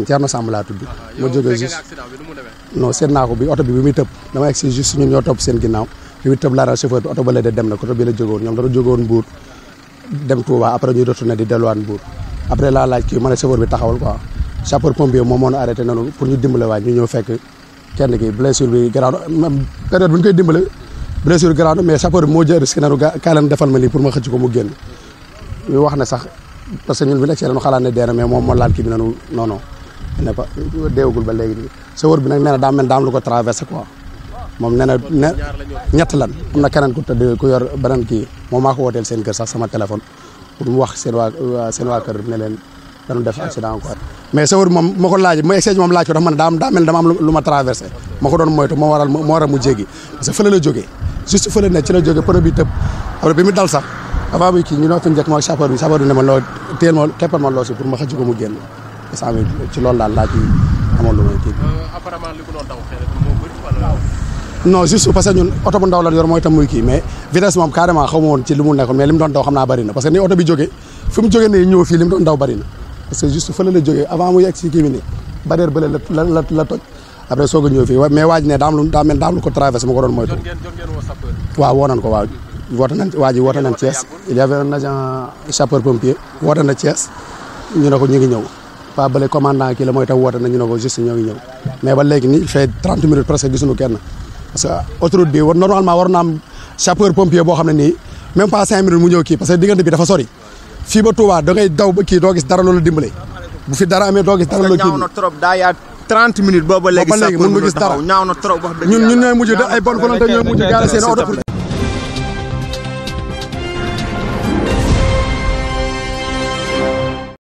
man Thierno Samb laa ah, ah, ma jógee juste non seet naa ko bi oto bi bi muy tëb dama egg si juste ñun ñoo topp seen ginnaaw bi muy tëb laa daal chauffeur bi oto ba dem na oto bi la jógoon ñoom dañu jógoon Mbour dem Touba après ñu retourné di delluwaat Mbour après laa laaj kii ma ne chauffeur bi taxawal quoi sapeur pompier moom moo ñu arrêté noonu pour ñu dimbale waay ñu ñëw fekk kenn ki blessure bi garaaw même période bu ñu koy dimbale blessure garaaw na ne ko deewagul ba léegi nii bi nag nee na daa mel daam lu ko traversé quoi moom nee na ne ñett lan am na keneen ku tëdd ku yor beneen kii moom maa ko wooteel seen kër sax sama téléphone pour mu wax seen waa seen waa kër ne leen dañu def accident encore mais chauffeur bi moom ma ko ma exchange moom ko dafa dama am lu ma traversé ma ko doon moytu moo waral moo waral mu jéggi parce que fële la jógee juste fële ne ci la jógee pneu bi tëb après bi mu dal sax avant bi kii ñu noo fi njëkk moo ak chauffeur bi chauffeur bi ne ma loo téel ma keppal ma loo si pour ma xëcc ko mu génn instant bi ci loolu daal laa ci amoon lu may kii euh, apparemment li moo parce que ñun oto bu ndaw la yor mooy tam muy kii mais vitesse moom carrément xaw ma woon ci li mu nekkoon mais li mu doon daw xam naa bëri na parce que ni oto bi jógee fi mu jógee ne ñëw fii li mu doon daw bëri na parce que juste fële la jógee avant mu yegg si kii bi toj après soog a ñëw fii mais waaj ne daam lu daa daam lu ko traversé ma ko doon moytu waaw woo ko waaw woote nañ waa ji na Thiès ñu ne ko ñu ngi pas bële commandant kii la mooy tax woote nañu ne ko juste ñoo ngi ñëw mais ba léegi ni il fait 30 minutes presque gisuñu kenn parce que autoroute bi war normalement war na am sapeur pompier boo xam ne nii même pas 5 minutes mu ñëw kii parce que diggante bi dafa sori fii ba Touba da ngay daw ba kii doo gis dara loolu dimbale bu fi dara amee doo gis dara loolu kii ñaaw na trop daa yaa 30 minutes booba léegi sax mënu gis dara ñaaw na trop wax dëgg ñun ñun ñooy mujj ay bonne volonté ñooy mujj gaare seen oto